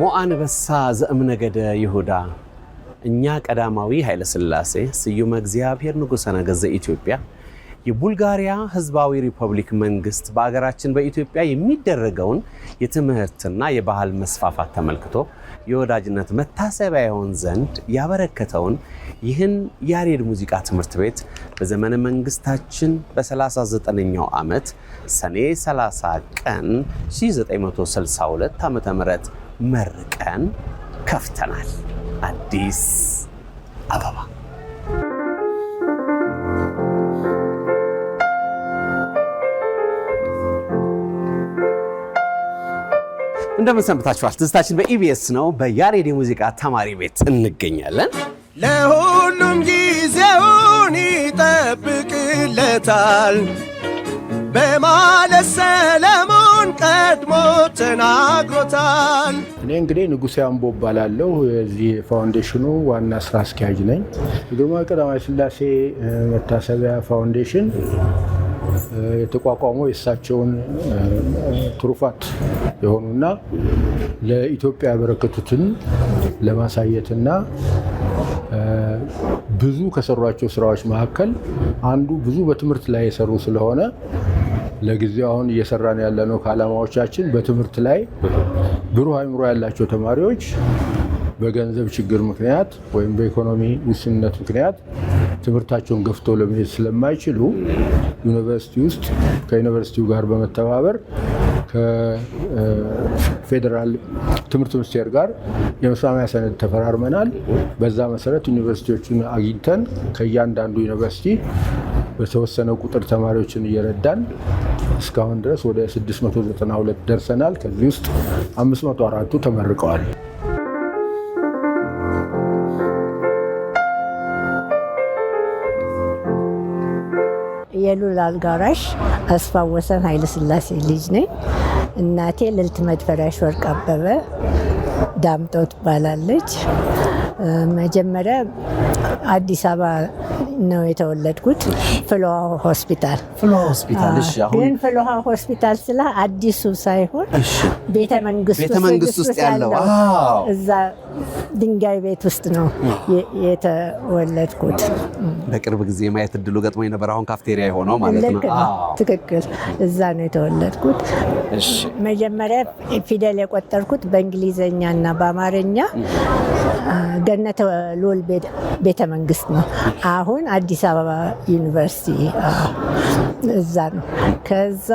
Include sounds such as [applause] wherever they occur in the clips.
ሞአንበሳ ዘእምነገደ ይሁዳ እኛ ቀዳማዊ ኃይለ ስዩመ እግዚአብሔር ንጉሠ ነገሥት ዘኢትዮጵያ የቡልጋሪያ ሕዝባዊ ሪፐብሊክ መንግስት በአገራችን በኢትዮጵያ የሚደረገውን የትምህርትና የባህል መስፋፋት ተመልክቶ የወዳጅነት መታሰቢያ የሆን ዘንድ ያበረከተውን ይህን ያሬድ ሙዚቃ ትምህርት ቤት በዘመነ መንግስታችን በ39ኛው ዓመት ሰኔ 30 ቀን 1962 ዓ.ም መርቀን ከፍተናል። አዲስ አበባ እንደምን ሰንብታችኋል? ትዝታችን በኢቢኤስ ነው። በያሬድ የሙዚቃ ተማሪ ቤት እንገኛለን። ለሁሉም ጊዜውን ይጠብቅለታል በማለት ሰለማ እውነቱን ቀድሞ ተናግሮታል። እኔ እንግዲህ ንጉሴ አምቦ እባላለሁ። የዚህ ፋውንዴሽኑ ዋና ስራ አስኪያጅ ነኝ። የግርማዊ ቀዳማዊ ስላሴ መታሰቢያ ፋውንዴሽን የተቋቋመው የእሳቸውን ትሩፋት የሆኑና ለኢትዮጵያ ያበረከቱትን ለማሳየትና ብዙ ከሰሯቸው ስራዎች መካከል አንዱ ብዙ በትምህርት ላይ የሰሩ ስለሆነ ለጊዜው አሁን እየሰራን ያለነው ከዓላማዎቻችን በትምህርት ላይ ብሩህ አይምሮ ያላቸው ተማሪዎች በገንዘብ ችግር ምክንያት ወይም በኢኮኖሚ ውስንነት ምክንያት ትምህርታቸውን ገፍተው ለመሄድ ስለማይችሉ ዩኒቨርሲቲ ውስጥ ከዩኒቨርሲቲው ጋር በመተባበር ከፌዴራል ትምህርት ሚኒስቴር ጋር የመስማሚያ ሰነድ ተፈራርመናል። በዛ መሰረት ዩኒቨርሲቲዎቹን አግኝተን ከእያንዳንዱ ዩኒቨርሲቲ በተወሰነ ቁጥር ተማሪዎችን እየረዳን እስካሁን ድረስ ወደ 692 ደርሰናል። ከዚህ ውስጥ 504 ተመርቀዋል። የሉል አልጋራሽ አስፋ ወሰን ኃይለስላሴ ልጅ ነኝ። እናቴ ልልት መድፈሪያሽ ወርቅ አበበ ዳምጠው ትባላለች። መጀመሪያ አዲስ አበባ ነው የተወለድኩት፣ ፍሎሃ ሆስፒታል። ግን ፍሎሃ ሆስፒታል ስለ አዲሱ ሳይሆን ቤተ ውስጥ ያለው እዛ ድንጋይ ቤት ውስጥ ነው የተወለድኩት። በቅርብ ጊዜ ማየት እድሉ ገጥሞ የነበረ አሁን ካፍቴሪያ የሆነው ማለት ነው። ትክክል፣ እዛ ነው የተወለድኩት። መጀመሪያ ፊደል የቆጠርኩት በእንግሊዘኛ እና በአማርኛ ገነተ ሎል ቤተ መንግስት ነው። አሁን አዲስ አበባ ዩኒቨርሲቲ እዛ ነው። ከዛ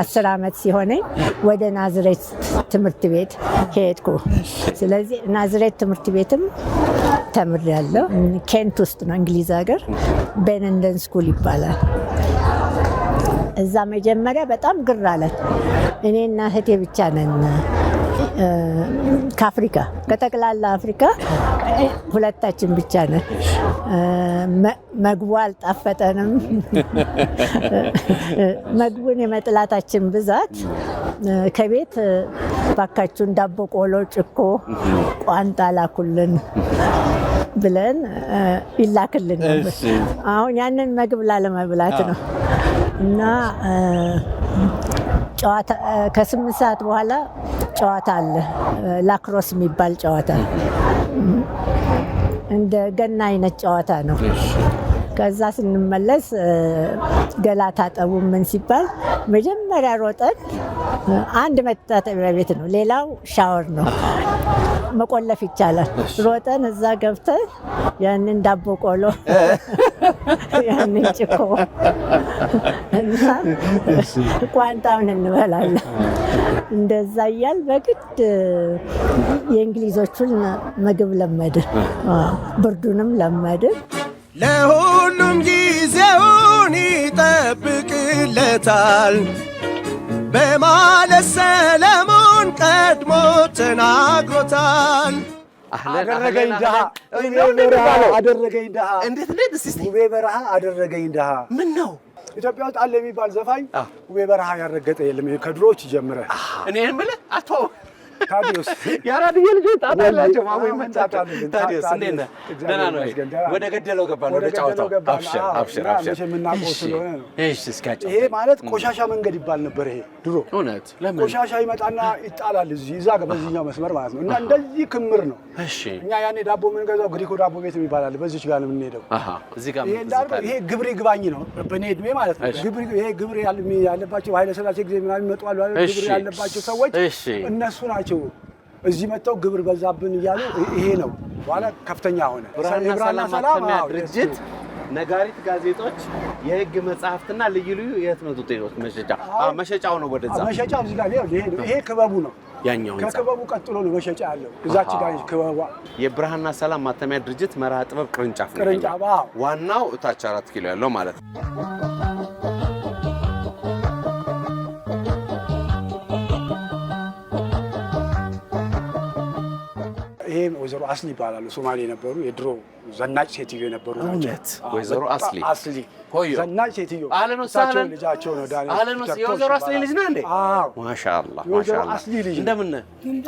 አስር ዓመት ሲሆነኝ ወደ ናዝሬት ትምህርት ቤት ሄድኩ። ስለዚህ ናዝሬት ትምህርት ቤትም ተምሬያለሁ። ኬንት ውስጥ ነው እንግሊዝ ሀገር፣ ቤንንደን ስኩል ይባላል። እዛ መጀመሪያ በጣም ግር አለን። እኔና እህቴ ብቻ ነን ከአፍሪካ ከጠቅላላ አፍሪካ ሁለታችን ብቻ ነን። መግቡ አልጣፈጠንም። መግቡን የመጥላታችን ብዛት ከቤት ባካችሁን ዳቦ፣ ቆሎ፣ ጭኮ፣ ቋንጣ ላኩልን ብለን ይላክልን አሁን ያንን መግብ ላለመብላት ነው እና ጨዋታ ከስምንት ሰዓት በኋላ ጨዋታ አለ። ላክሮስ የሚባል ጨዋታ እንደ ገና አይነት ጨዋታ ነው። ከዛ ስንመለስ ገላ ታጠቡ ምን ሲባል መጀመሪያ ሮጠን አንድ መታጠቢያ ቤት ነው፣ ሌላው ሻወር ነው። መቆለፍ ይቻላል። ሮጠን እዛ ገብተን ያንን ዳቦ ቆሎ [laughs] ያንን ጭኮ ቋንጣውን እንበላለን። እንደዛ እያል በግድ የእንግሊዞቹን ምግብ ለመድን፣ ብርዱንም ለመድን። ለሁሉም ጊዜውን ይጠብቅለታል በማለት ሰለሞን ቀድሞ ተናግሮታል። አደረገኝ ድሃ አደረገኝ ድሃ እንዴት እንዴት እስቲ ውቤ በረሃ አደረገኝ ድሃ ምን ነው ኢትዮጵያ ውስጥ አለ የሚባል ዘፋኝ ውቤ በረሃ ያረገጠ የለም። ከድሮዎች ጀምረ እኔ ምለ አቶ ታዲዮስ የአራድዬ ልጆች ጣጣ አላቸው። ማሞ ታዲዮስ እንዴት ነህ? ደህና ነው። ወደ ገደለው ወደ ጫወታው። አብሽር አብሽር አብሽር። ይሄ ማለት ቆሻሻ መንገድ ይባል ነበር። ይሄ ድሮ እውነት ቆሻሻ ይመጣና ይጣላል እዚህ እዛ በዚህኛው መስመር ማለት ነው። እና እንደዚህ ክምር ነው። እኛ ያኔ ዳቦ የምንገዛው ግሪኮ ዳቦ ቤት በዚች ጋር ነው የምንሄደው። ይሄ ነው፣ በእኔ እድሜ ማለት ነው። ይሄ ያለባቸው ጊዜ ምናምን ይመጡ ያለባቸው ሰዎች እነሱ ናቸው ናቸው። እዚህ መጥተው ግብር በዛብን እያሉ ይሄ ነው በኋላ ከፍተኛ ሆነ። ብርሃንና ሰላም ድርጅት ነጋሪት ጋዜጦች፣ የህግ መጽሐፍትና ልዩ ልዩ የህትመት ውጤቶች መሸጫ መሸጫው ነው። ወደዛ መሸጫው እዚህ ጋር ይሄ ክበቡ ነው። ያኛው ከክበቡ ቀጥሎ ነው መሸጫ ያለው። እዛች ጋር ክበቧ የብርሃንና ሰላም ማተሚያ ድርጅት መርሃ ጥበብ ቅርንጫፍ ቅርንጫፍ ዋናው እታች አራት ኪሎ ያለው ማለት ነው። እኔም ወይዘሮ አስሊ ይባላሉ። ሶማሌ የነበሩ የድሮ ዘናጭ ሴትዮ የነበሩ ናቸው። ወይዘሮ አስሊ አስሊ ዘናጭ ሴትዮ ልጃቸው ነው። የወይዘሮ አስሊ ልጅ ነህ እንዴ? አዎ፣ ማሻአላ ማሻአላ። አስሊ ልጅ እንደምን ነህ?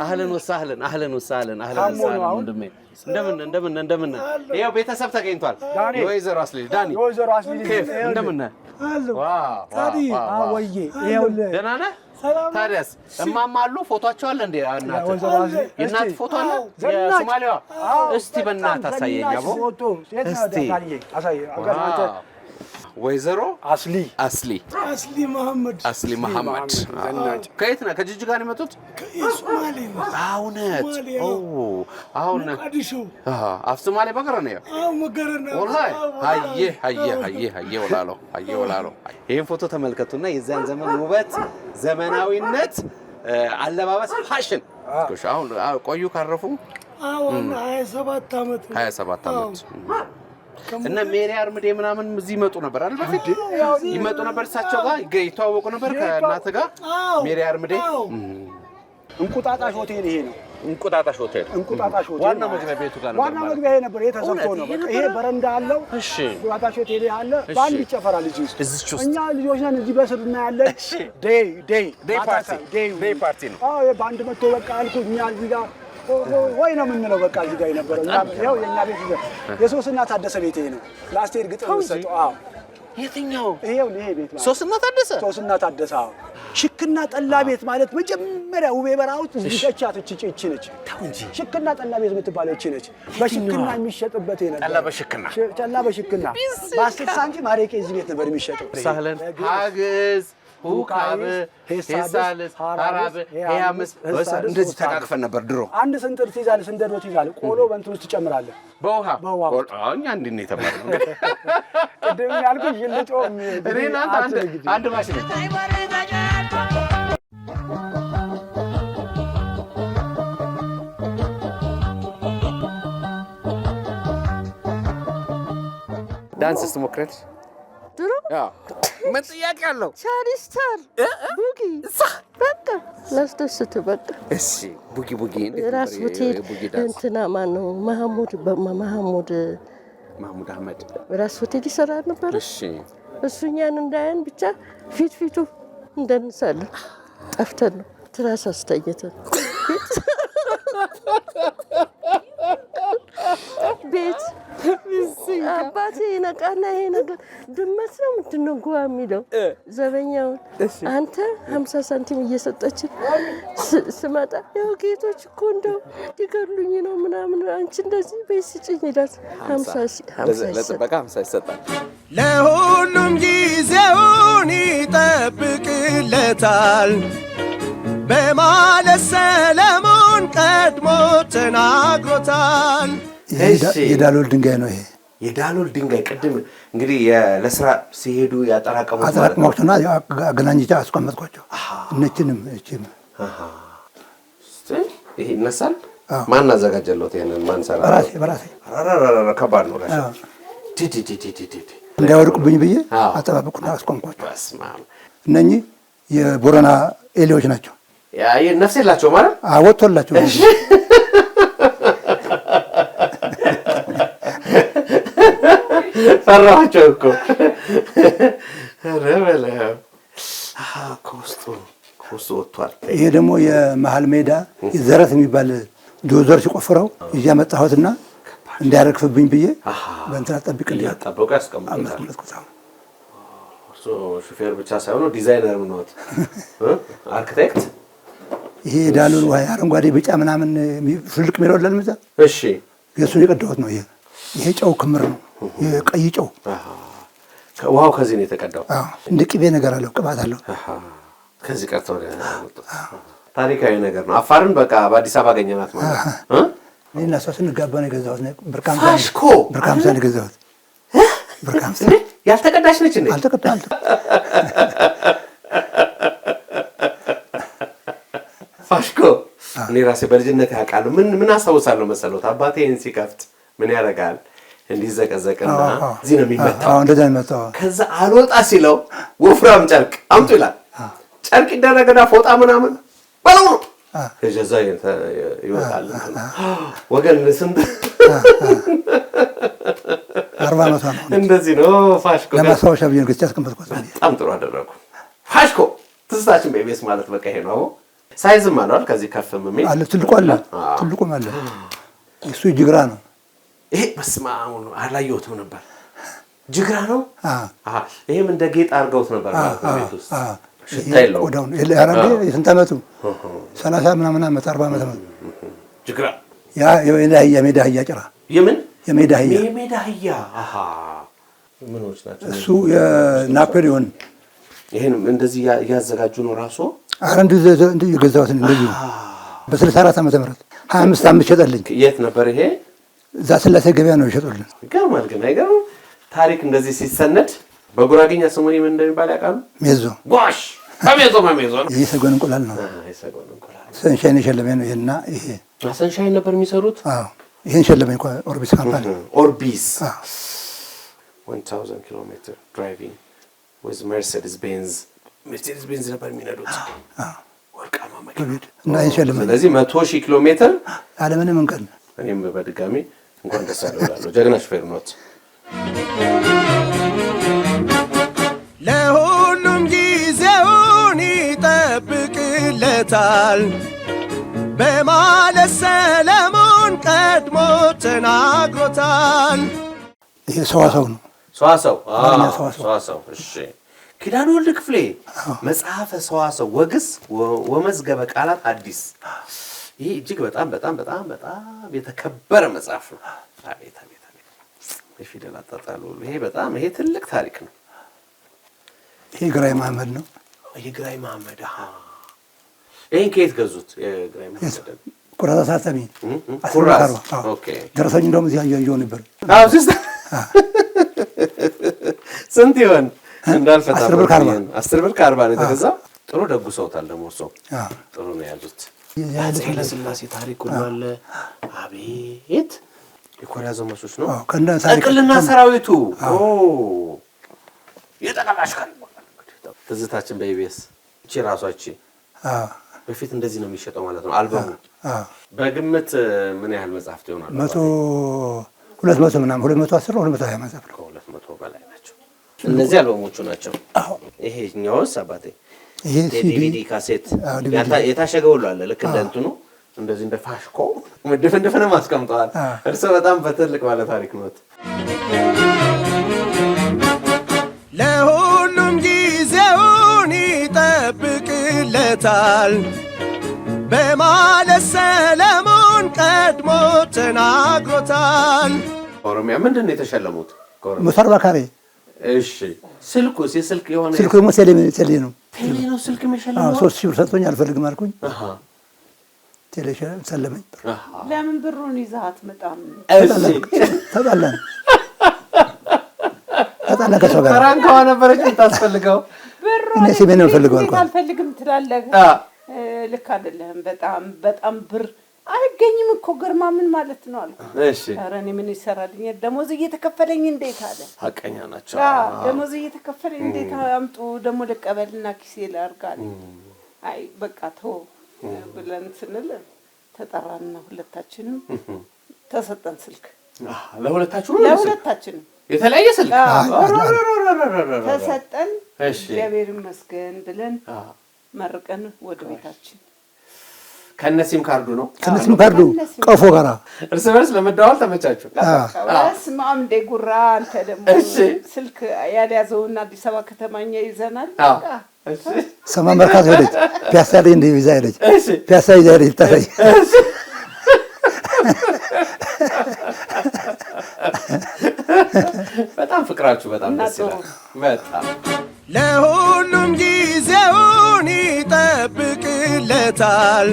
አህለን ወሳህለን አህለን ወሳህለን አህለን ወሳህለን እንደምን እንደምን እንደምን ይሄው ቤተሰብ ተገኝቷል። ወይዘሮ አስሊ ዳኒ ወይዘሮ አስሊ ልጅ እንደምን ነህ? አዎ ወዬ ደህና ነህ? ታዲያስ እማማ አሉ ፎቶአቸው አለ እንዴ? የእናት ፎቶ አለ የሶማሌዋ። እስቲ በእናት አሳየኝ አቦ እስቲ ወይዘሮ አስሊ አስሊ አስሊ መሐመድ አስሊ መሐመድ ከየት ነው? ከጅጅጋ ነው የመጡት? ከሶማሌ ነው። እውነት ኦ አሁን አፍ ሶማሌ በቀረ ነው። አዎ መገረ ነው። ወላሂ አየ አየ አየ አየ ወላሎ አየ ወላሎ። ይሄን ፎቶ ተመልከቱና የዛን ዘመን ውበት፣ ዘመናዊነት፣ አለባበስ፣ ፋሽን አሁን ቆዩ ካረፉ አሁን 27 አመት 27 አመት እና ሜሪ አርምዴ ምናምን እዚህ ይመጡ ነበር አይደል? በፊት ይመጡ ነበር፣ እሳቸው ጋር ይተዋወቁ ነበር ከእናተ ጋር ሜሪ አርምዴ። እንቁጣጣሽ ሆቴል ይሄ ነው። እንቁጣጣሽ ሆቴል እንቁጣጣሽ ሆቴል ዋና መግቢያ ቤቱ ጋር ነበር። ዋና መግቢያ ይሄ ነበር። ይሄ ተሰፍቶ ነው። ይሄ በረንዳ አለው። እሺ፣ እንቁጣጣሽ ሆቴል አለ። በአንድ ይጨፈራል እዚህ ውስጥ። እዚህ ውስጥ እኛ ልጆች ነን። እዚህ በስር ያለ ዴይ ዴይ ዴይ ፓርቲ ዴይ ፓርቲ ነው። አዎ፣ በአንድ መቶ በቃ አልኩ እኛ እዚህ ጋር ወይ ነው የምንለው። በቃ እዚህ ጋር የነበረው ያው የእኛ ቤት የሶስና ታደሰ ቤት ይሄ ነው። ለአስቴር ግጥም ሰጠው። አዎ። የትኛው? ይሄው ይሄ ቤት ሶስና ታደሰ ሶስና ታደሰ አዎ። ሽክና ጠላ ቤት ማለት መጀመሪያ ውቤ በራውት ዝቻት እቺ እቺ ነች። ሽክና ጠላ ቤት የምትባለው እቺ ነች። በሽክና የሚሸጥበት ይሄ ጠላ በሽክና ጠላ በሽክና በአስር ሳንቲም አረቄ እዚህ ቤት ነበር የሚሸጠው። ሳህለን ሀግዝ ሁካብ፣ ሄሳልስ፣ ሀራብ፣ ያምስ እንደዚህ ተቃቅፈን ነበር ድሮ። አንድ ስንጥር ትይዛለህ፣ ስንደዶ ትይዛለህ፣ ቆሎ በእንትን ውስጥ ትጨምራለህ። በውሃ ነው ቅድም ይልጮ ዳንስ ድሮ ምን ጥያቄ አለው? ቻሪስታር ቡጊ በቃ ላስደስት በቃ እሺ። ቡጊ ቡጊ ራስ ሆቴል እንትና ማን ነው ማህሙድ ማህሙድ ማህሙድ አህመድ ራስ ሆቴል ይሰራ ነበር። እሺ እሱኛን እንዳያን ብቻ ፊት ፊቱ እንደንሳለን። ጠፍተን ነው ትራስ አስተኝተን ቤት አባቴ ይነቃና ይሄ ነገር ድመት ነው ምንድን የሚለው ዘበኛውን አንተ ሀምሳ ሳንቲም እየሰጠችን ስመጣ ያው ጌቶች እኮ እንደው ሊገሉኝ ነው ምናምን አንቺ እንደዚህ ቤት ስጭኝ ይላት። ሀምሳ ይሰጣል። ለሁሉም ጊዜውን ይጠብቅለታል በማለት ሰለሞን ቀድሞ ተናግሮታል። የዳሎል ድንጋይ ነው ይሄ የዳሎል ድንጋይ ቅድም እንግዲህ ለስራ ሲሄዱ ያጠራቀሙ አጠራቀሟቸው እና አገናኝቻ አስቀመጥኳቸው። እነችንም እችም ይሄ ይነሳል። ማን አዘጋጀለት? ይሄንን ማን በራሴ። ከባድ ነው። እንዳይወድቁብኝ ብዬ አጠባበቁና አስቆምኳቸው። እነኚህ የቦረና ኤሌዎች ናቸው። ነፍስ የላቸው ማለት ወጥቶላቸው ፈራኋቸው እኮ ከውስጡ ከውስጡ ወጥቷል። ይሄ ደግሞ የመሀል ሜዳ ዘረት የሚባል ዶዘር ሲቆፍረው እዚያ መጣሁትና እንዳያረግፍብኝ ብዬ በእንትና ጠብቅ እንዲያጠበቁ ያስቀምጡታል። ሹፌር ብቻ ሳይሆኑ ዲዛይነር ምንወት አርክቴክት ይሄ ዳሉን ውሃ አረንጓዴ ቢጫ ምናምን ፍልቅ የሚለለን ምዛ እሺ የእሱን የቀዳሁት ነው ይሄ ይሄ ጨው ክምር ነው፣ የቀይ ጨው ውሃው ከዚህ ነው የተቀዳው። እንደ ቅቤ ነገር አለው፣ ቅባት አለው። ከዚህ ቀርቶ ታሪካዊ ነገር ነው። አፋርን በቃ በአዲስ አበባ አገኘናት ማለት ነው። እኔና እሷ ስንጋባ ነው የገዛሁት። ብር ከሀምሳ ነው የገዛሁት። ያልተቀዳች ነች አልተቀዳ አልተቀዳል ፋሽኮ እኔ ራሴ በልጅነት ያውቃሉ። ምን ምን አስታውሳለሁ መሰለት አባቴ ይህን ሲከፍት ምን ያደርጋል እንዲዘቀዘቅና እዚህ ነው የሚመታው። ከዛ አልወጣ ሲለው ወፍራም ጨርቅ አምጡ ይላል። ጨርቅ ይደረገና ፎጣ ምናምን በለው ነው እዛ ይወጣል። [gasps] ወገን ስንት አርባ ዓመቷ ነው። እንደዚህ ነው ፋሽኮ። ለማስታወሻ ብዬ ነው ያስቀመጥኩት። በጣም ጥሩ አደረጉ። ፋሽኮ ትስታችን በኢቢኤስ ማለት በቃ ይሄ ነው። ሳይዝም አለዋል ከዚህ ከፍ የሚል አለ። ትልቁ አለ፣ ትልቁም አለ። እሱ ጅግራ ነው ይሄ በስመ አብ አላየሁትም ነበር። ጅግራ ነው። ይህም እንደ ጌጥ አድርገውት ነበር ሽታ የለውም። የስንት ዓመቱ ሰላሳ ምናምን ዓመት አርባ ዓመት ነው ጅግራ። ያ የሜዳ አህያ ጭራ የምን የሜዳ አህያ የሜዳ አህያ ምኖች ናቸው እሱ የናፖሊዮን ይህን እንደዚህ እያዘጋጁ ነው ራሱ አረ እንዲሁ የገዛሁትን እንደዚሁ በስልሳ አራት ዓመተ ምህረት ሀያ አምስት አምስት ሸጠልኝ። የት ነበር ይሄ? እዛ ስላሴ ገበያ ነው ይሸጡልን። ይገርማል። ግን አይገርም? ታሪክ እንደዚህ ሲሰነድ በጉራጌኛ ስሙ ምን እንደሚባል ያውቃሉ? ሜዞ ጓሽ ከሜዞ መሜዞ ነው። ይህ ሰጎን እንቁላል ነው። ሰንሻይን የሸለመኝ ነው። ይሄና ይሄ ሰንሻይን ነበር የሚሰሩት። ይህን ሸለመኝ እንኳ ኦርቢስ ካምፓኒ ኦርቢስ ኪሎ ሜትር ድራይቪንግ ዊዝ መርሴዲስ ቤንዝ መርሴዲስ ቤንዝ ነበር የሚነዱት። ወርቃማ መኪና እና ይህን ሸለመኝ። ስለዚህ መቶ ሺህ ኪሎ ሜትር አለምንም እንቀን እኔም በድጋሚ እንኳን ደስ ያለው ጀግና ሹፌር ኖት። ለሁሉም ጊዜውን ይጠብቅለታል በማለት ሰለሞን ቀድሞ ተናግሮታል። ይህ ሰዋሰው ነው። ሰዋሰው ሰዋሰው። እሺ ኪዳነ ወልድ ክፍሌ መጽሐፈ ሰዋሰው ወግስ ወመዝገበ ቃላት አዲስ ይሄ እጅግ በጣም በጣም በጣም በጣም የተከበረ መጽሐፍ ነው። አቤት አቤት አቤት የፊደል አጣጣሉ ይሄ በጣም ይሄ ትልቅ ታሪክ ነው። ይሄ ግራኝ መሐመድ ነው። ይሄ የግራኝ መሐመድ ይህን ከየት ገዙት? የግራኝ መሐመድ አሳተሚ ደረሰኝ። እንደውም እዚህ አየሁ ነበር። ስንት ይሆን እንዳልፈታ አስር ብር ከአርባ ነው የተገዛው። ጥሩ ደጉ ሰውታል ደግሞ ሰው ጥሩ ነው ያሉት። ኃይለሥላሴ ታሪክ ሁሉ አለ። አቤት የኮሪያ ዘመቾች ነው ጠቅልና ሰራዊቱ የጠቅላላ ትዝታችን በኢቢኤስ እቺ ራሷችን በፊት እንደዚህ ነው የሚሸጠው ማለት ነው። አልበሙ በግምት ምን ያህል መጽሐፍት ይሆናሉ? መቶ ሁለት መቶ ምናምን ሁለት መቶ አስር ሁለት መቶ ሀያ መጽሐፍ ነው። ከሁለት መቶ በላይ ናቸው። እነዚህ አልበሞቹ ናቸው። ይሄኛውስ አባቴ የዲቪዲ ካሴት የታሸገ ሁሉ አለ። ልክ እንደ እንትኑ እንደዚህ እንደ ፋሽኮ ድፍን አስቀምጠዋል። በጣም በትልቅ ባለ ታሪክ ነት ለሁሉም ጊዜውን ይጠብቅለታል በማለት ሰለሞን ቀድሞ ተናግሮታል። ኦሮሚያ ምንድን ነው የተሸለሙት? እሺ ስልኩ የስልክ የሆነ ስልኩ ደግሞ ነው ሶስት ሺህ ብር ሰጥቶኝ አልፈልግም አልኩኝ። ቴሌሻን ሰለመኝ። ለምን ብሩን ይዘህ አትመጣም? ተጣላን ተጣላ ከሰው ጋር ራንካዋ ነበረች የምታስፈልገው እኔ ስሜን ፈልገው አልኳት። አልፈልግም ትላለህ። ልክ አይደለህም። በጣም በጣም ብር አይገኝም እኮ ግርማ፣ ምን ማለት ነው አልኩ። እሺ ኧረ እኔ ምን ይሰራልኝ ደሞዝ እየተከፈለኝ እንዴት አለ። ሀቀኛ ናቸው። ደሞዝ እየተከፈለኝ እንዴት አምጡ ደግሞ ልቀበልና ኪሴ ላርጋል። አይ በቃ ተው ብለን ስንል ተጠራና ሁለታችንም ተሰጠን ስልክ ለሁለታችሁ ለሁለታችንም የተለያየ ስልክ ተሰጠን። እግዚአብሔር ይመስገን ብለን መርቀን ወደ ቤታችን ከነሲም ካርዱ ነው ከነሲም ካርዱ ቀፎ ጋራ እርስ በርስ ለመደዋል ተመቻችሁ። ስማም እንደ ጉራ አንተ ደግሞ ስልክ ያልያዘውን አዲስ አበባ ከተማኛ ይዘናል። ሰማ መርካቶ ሄደች፣ ፒያሳ ላይ እንደ ይዛ ሄደች፣ ፒያሳ ይዛ ሄደች ልታሳይ በጣም ፍቅራችሁ በጣም ደስ ይላል። በጣም ለሁሉም ጊዜውን ይጠብቅለታል።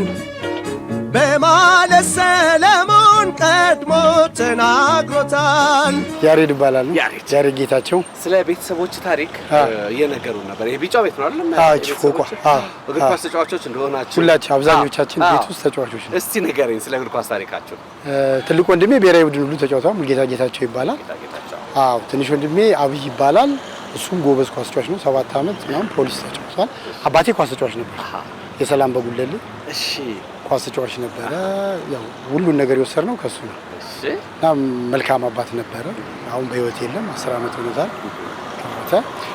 በማለት ሰለሞን ቀድሞ ተናግሮታል። ያሬድ ይባላል። ያሬድ ጌታቸው። ስለ ቤተሰቦች ታሪክ እየነገሩ ነበር። ይሄ ቢጫ ቤት ነው አይደለም? አዎ፣ ፎቋ። አዎ፣ እግር ኳስ ተጫዋቾች እንደሆናችሁ ሁላችሁ አብዛኞቻችን ቤት ውስጥ ተጫዋቾች ነው። እስቲ ንገረኝ ስለ እግር ኳስ ታሪካችሁ። ትልቅ ወንድሜ ብሔራዊ ቡድን ሁሉ ተጫውቷል። ሙልጌታ ጌታቸው ይባላል። አዎ፣ ትንሽ ወንድሜ አብይ ይባላል። እሱም ጎበዝ ኳስ ተጫዋች ነው። ሰባት አመት ምናምን ፖሊስ ተጫውቷል። አባቴ ኳስ ተጫዋች ነበር። የሰላም በጉለሌ እሺ ኳስ ተጫዋች ነበረ። ያው ሁሉን ነገር የወሰድ ነው ከሱ ነው እና መልካም አባት ነበረ። አሁን በህይወት የለም፣ አስር ዓመት ሆኖታል።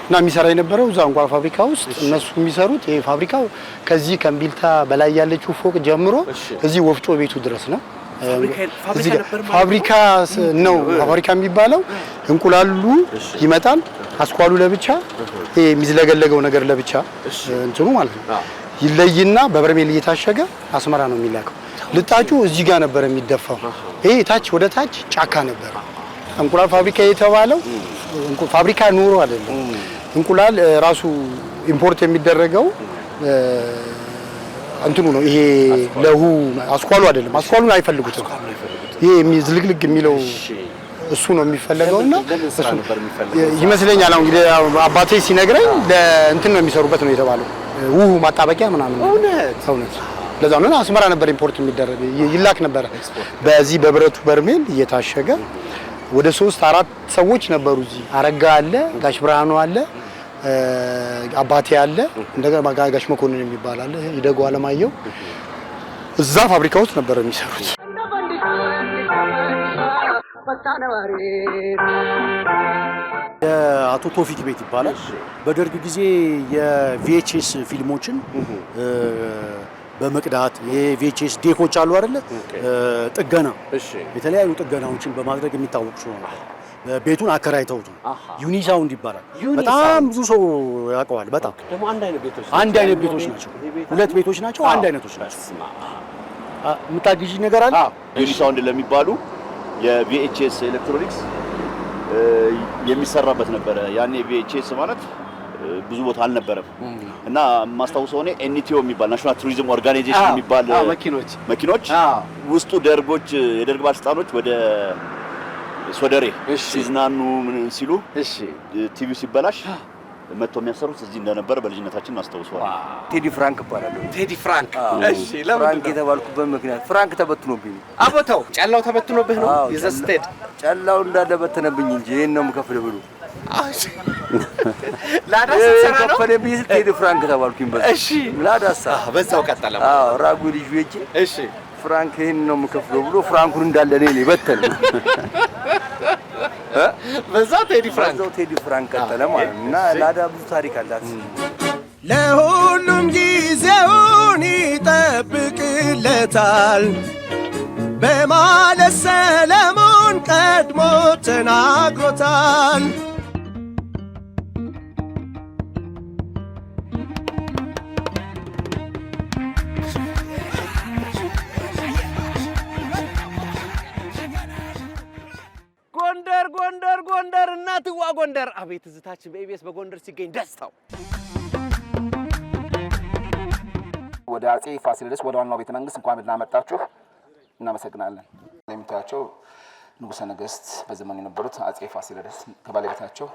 እና የሚሰራ የነበረው እዛ እንኳን ፋብሪካ ውስጥ እነሱ የሚሰሩት ይሄ ፋብሪካው ከዚህ ከምቢልታ በላይ ያለችው ፎቅ ጀምሮ እዚህ ወፍጮ ቤቱ ድረስ ነው ፋብሪካ ነው። ፋብሪካ የሚባለው እንቁላሉ ይመጣል፣ አስኳሉ ለብቻ፣ የሚዝለገለገው ነገር ለብቻ እንትኑ ማለት ነው። ይለይና በበርሜል እየታሸገ አስመራ ነው የሚላከው። ልጣጩ እዚህ ጋር ነበር የሚደፋው። ይሄ ታች ወደ ታች ጫካ ነበር። እንቁላል ፋብሪካ የተባለው ፋብሪካ ኑሮ አይደለም። እንቁላል ራሱ ኢምፖርት የሚደረገው እንትኑ ነው። ይሄ ለሁ አስኳሉ አይደለም። አስኳሉን አይፈልጉትም። ይሄ ዝልግልግ የሚለው እሱ ነው የሚፈለገውና ይመስለኛል። አሁን እንግዲህ አባቴ ሲነግረኝ ለእንትን ነው የሚሰሩበት ነው የተባለው ውሁ ማጣበቂያ ምናምን እውነት እውነት ለዛ ነው አስመራ ነበር ኢምፖርት የሚደረግ ይላክ ነበረ። በዚህ በብረቱ በርሜል እየታሸገ ወደ ሶስት አራት ሰዎች ነበሩ። እዚህ አረጋ አለ፣ ጋሽ ብርሃኑ አለ፣ አባቴ አለ፣ እንደገና ጋሽ መኮንን የሚባል አለ፣ ይደጉ አለማየሁ እዛ ፋብሪካ ውስጥ ነበር የሚሰሩት። የአቶ ቶፊክ ቤት ይባላል። በደርግ ጊዜ የቪኤችኤስ ፊልሞችን በመቅዳት የቪኤችኤስ ዴኮች አሉ አይደለ? ጥገና የተለያዩ ጥገናዎችን በማድረግ የሚታወቅ ሰው ነው። ቤቱን አከራይተውት ነው። ዩኒሳውንድ ይባላል። በጣም ብዙ ሰው ያውቀዋል። በጣም አንድ አይነት ቤቶች ናቸው። ሁለት ቤቶች ናቸው። አንድ አይነቶች ናቸው። የምታግዢ ነገር አለ ዩኒሳውንድ ለሚባሉ የቪኤችኤስ ኤሌክትሮኒክስ የሚሰራበት ነበረ። ያኔ ቪኤችኤስ ማለት ብዙ ቦታ አልነበረም እና የማስታውሰው እኔ ኤንቲኦ የሚባል ናሽናል ቱሪዝም ኦርጋናይዜሽን የሚባል መኪኖች መኪኖች ውስጡ ደርጎች የደርግ ባለስልጣኖች ወደ ሶደሬ ሲዝናኑ ምን ሲሉ ቲቪ ሲበላሽ መጥቶ የሚያሰሩት እዚህ እንደነበረ በልጅነታችን እናስታውሰዋለን። ቴዲ ፍራንክ እባላለሁ። ቴዲ ፍራንክ። እሺ፣ ለምን ፍራንክ የተባልኩበት ምክንያት ፍራንክ ተበትኖብኝ ነው። አቦታው ጨላው ተበትኖብህ ነው ይዘህ ስትሄድ? ጨላው እንዳለ በተነብኝ እንጂ ይሄን ነው የምከፍልህ ብሎ ላዳ ስትሰራ ነው ከፈለብኝ ስል ቴዲ ፍራንክ ተባልኩኝ። በዛ እሺ፣ ላዳሳ በዛው ቀጠለ። አዎ፣ ራጉ ልጅ እሺ፣ ፍራንክ ይሄን ነው የምከፍለው ብሎ ፍራንኩን እንዳለ እኔ በተነ [laughs] በዛ ቴዲ ፍራንክ ቴዲ ፍራንክ ቀጠለ ማለት እና ላዳ ብዙ ታሪክ አላት። ለሁሉም ጊዜውን ይጠብቅለታል በማለት ሰለሞን ቀድሞ ተናግሮታል። ጎንደር ጎንደር እናትዋ ጎንደር አቤት እዝታችን በኢቢኤስ በጎንደር ሲገኝ ደስታው ወደ አጼ ፋሲለደስ ወደ ዋናው ቤተ መንግስት እንኳን ደህና መጣችሁ። እናመሰግናለን። የምታያቸው ንጉሰ ነገስት በዘመኑ የነበሩት አጼ ፋሲለደስ ከባለቤታቸው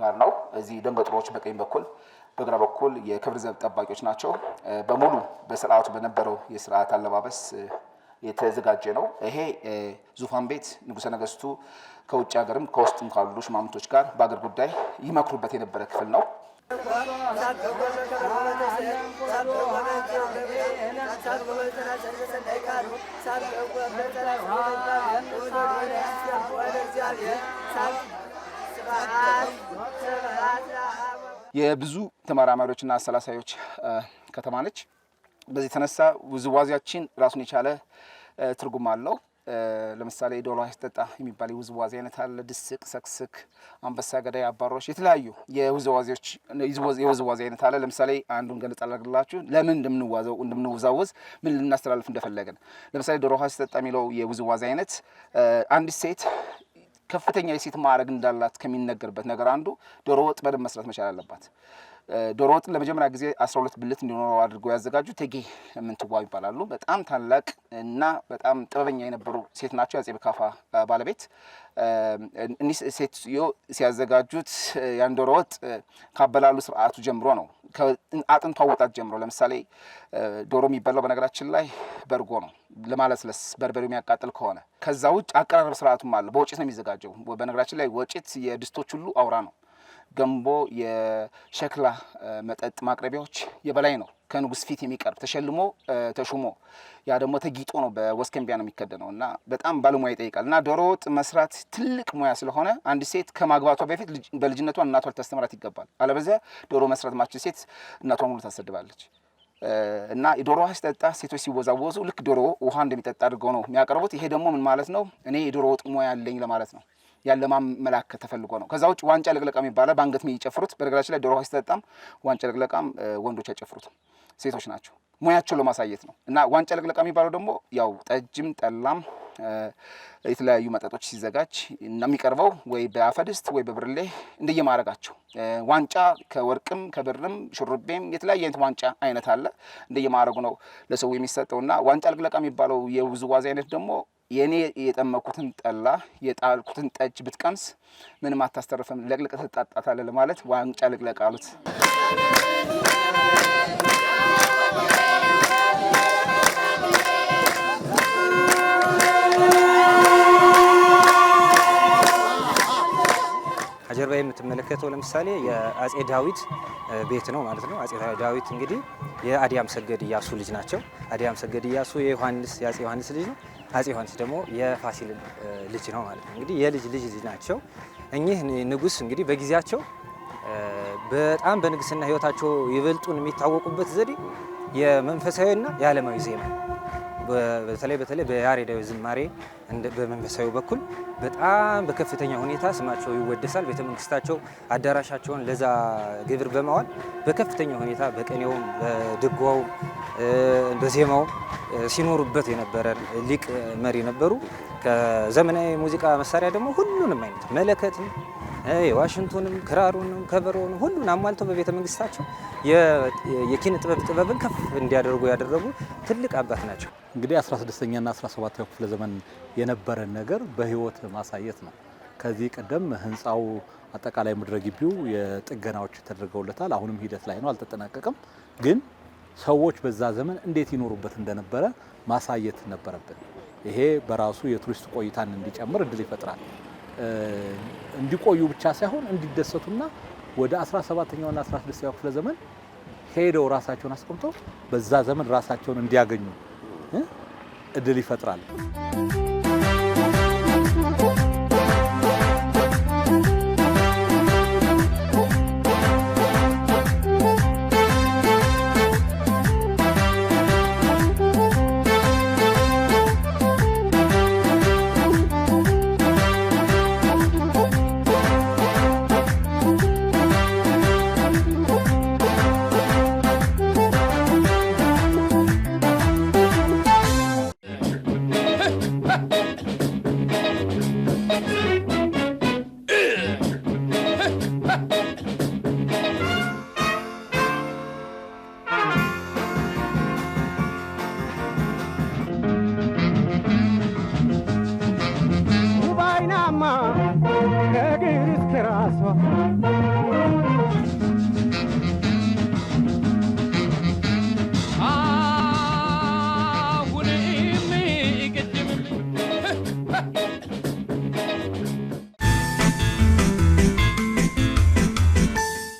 ጋር ነው። እዚህ ደንገጥሮች በቀኝ በኩል በግራ በኩል የክብር ዘብ ጠባቂዎች ናቸው። በሙሉ በስርዓቱ በነበረው የስርዓት አለባበስ የተዘጋጀ ነው። ይሄ ዙፋን ቤት ንጉሰ ነገስቱ ከውጭ ሀገርም ከውስጥም ካሉ ሽማምቶች ጋር በአገር ጉዳይ ይመክሩበት የነበረ ክፍል ነው። የብዙ ተመራማሪዎችና አሰላሳዮች ከተማ ነች። በዚህ የተነሳ ውዝዋዜያችን ራሱን የቻለ ትርጉም አለው። ለምሳሌ ዶሎ ያስጠጣ የሚባል የውዝዋዜ አይነት አለ። ድስቅ፣ ሰክስክ፣ አንበሳ ገዳይ፣ አባሮች የተለያዩ የውዝዋዜዎች የውዝዋዜ አይነት አለ። ለምሳሌ አንዱን ገለጽ አላግላችሁ ለምን እንደምንዋዘው እንደምንወዛወዝ ምን ልናስተላልፍ እንደፈለግን። ለምሳሌ ዶሮ ያስጠጣ የሚለው የውዝዋዜ አይነት አንዲት ሴት ከፍተኛ የሴት ማዕረግ እንዳላት ከሚነገርበት ነገር አንዱ ዶሮ ወጥ በደንብ መስራት መቻል አለባት። ዶሮ ወጥን ለመጀመሪያ ጊዜ 12 ብልት እንዲኖረው አድርገው ያዘጋጁ እቴጌ ምንትዋብ ይባላሉ። በጣም ታላቅ እና በጣም ጥበበኛ የነበሩ ሴት ናቸው። የአፄ በካፋ ባለቤት እኒህ ሴትዮ ሲያዘጋጁት ያን ዶሮ ወጥ ካበላሉ ስርዓቱ ጀምሮ ነው፣ አጥንቷ አወጣት ጀምሮ። ለምሳሌ ዶሮ የሚበላው በነገራችን ላይ በርጎ ነው፣ ለማለስለስ በርበሬው የሚያቃጥል ከሆነ ከዛ ውጭ አቀራረብ ስርዓቱም አለ። በወጭት ነው የሚዘጋጀው። በነገራችን ላይ ወጭት የድስቶች ሁሉ አውራ ነው። ገንቦ የሸክላ መጠጥ ማቅረቢያዎች የበላይ ነው። ከንጉስ ፊት የሚቀርብ ተሸልሞ ተሹሞ ያ ደግሞ ተጊጦ ነው። በወስከንቢያ ነው የሚከደነው እና በጣም ባለሙያ ይጠይቃል። እና ዶሮ ወጥ መስራት ትልቅ ሙያ ስለሆነ አንድ ሴት ከማግባቷ በፊት በልጅነቷ እናቷ ልታስተምራት ይገባል። አለበዚያ ዶሮ መስራት ማችል ሴት እናቷ ሙሉ ታሰድባለች። እና የዶሮ ውሃ ሲጠጣ ሴቶች ሲወዛወዙ ልክ ዶሮ ውሃ እንደሚጠጣ አድርገው ነው የሚያቀርቡት። ይሄ ደግሞ ምን ማለት ነው? እኔ የዶሮ ወጥ ሙያ አለኝ ለማለት ነው። ያለ ተፈልጎ ነው። ከዛ ውጭ ዋንጫ ልቅለቃም ይባላል። በአንገት የሚጨፍሩት በነገራችን ላይ ዶሮ ውሃ ሲጠጣም ዋንጫ ልቅለቃም ወንዶች አይጨፍሩትም፣ ሴቶች ናቸው። ሙያቸው ለማሳየት ነው። እና ዋንጫ ልቅለቃ የሚባለው ደግሞ ያው ጠጅም ጠላም የተለያዩ መጠጦች ሲዘጋጅ እና የሚቀርበው ወይ በአፈድስት ወይ በብርሌ እንደየማረጋቸው ዋንጫ ከወርቅም ከብርም ሹርቤም የተለያየ አይነት ዋንጫ አይነት አለ። እንደየማረጉ ነው ለሰው የሚሰጠው። እና ዋንጫ ልቅለቃ የሚባለው የውዝዋዜ አይነት ደግሞ የእኔ የጠመኩትን ጠላ የጣልኩትን ጠጅ ብትቀምስ ምንም አታስተርፍም፣ ለቅልቅ ትጣጣታለህ ለማለት ዋንጫ ልቅለቅ አሉት። ከጀርባ የምትመለከተው ለምሳሌ የአጼ ዳዊት ቤት ነው ማለት ነው። አጼ ዳዊት እንግዲህ የአዲያም ሰገድ እያሱ ልጅ ናቸው። አዲያም ሰገድ እያሱ የዮሐንስ የአጼ ዮሐንስ ልጅ ነው። አጼ ዮሐንስ ደግሞ የፋሲል ልጅ ነው ማለት ነው። እንግዲህ የልጅ ልጅ ልጅ ናቸው። እኚህ ንጉስ እንግዲህ በጊዜያቸው በጣም በንግስና ህይወታቸው ይበልጡን የሚታወቁበት ዘዴ የመንፈሳዊና የዓለማዊ ዜማ በተለይ በተለይ በያሬዳዊ ዝማሬ በመንፈሳዊ በኩል በጣም በከፍተኛ ሁኔታ ስማቸው ይወደሳል። ቤተመንግስታቸው አዳራሻቸውን ለዛ ግብር በማዋል በከፍተኛ ሁኔታ በቅኔውም በድጓውም በዜማው ሲኖሩበት የነበረ ሊቅ መሪ ነበሩ። ከዘመናዊ ሙዚቃ መሳሪያ ደግሞ ሁሉንም አይነት መለከትም የዋሽንቱንም ክራሩንም ከበሮን ሁሉን አሟልተው በቤተ መንግስታቸው የኪነ ጥበብ ጥበብን ከፍ እንዲያደርጉ ያደረጉ ትልቅ አባት ናቸው። እንግዲህ 16ኛና 17ኛው ክፍለ ዘመን የነበረን ነገር በህይወት ማሳየት ነው። ከዚህ ቀደም ህንፃው አጠቃላይ ምድረ ግቢው የጥገናዎች ተደርገውለታል። አሁንም ሂደት ላይ ነው፣ አልተጠናቀቀም። ግን ሰዎች በዛ ዘመን እንዴት ይኖሩበት እንደነበረ ማሳየት ነበረብን። ይሄ በራሱ የቱሪስት ቆይታን እንዲጨምር እድል ይፈጥራል። እንዲቆዩ ብቻ ሳይሆን እንዲደሰቱና ወደ 17ኛውና 16ኛው ክፍለ ዘመን ሄደው ራሳቸውን አስቀምጠው በዛ ዘመን ራሳቸውን እንዲያገኙ እድል ይፈጥራል።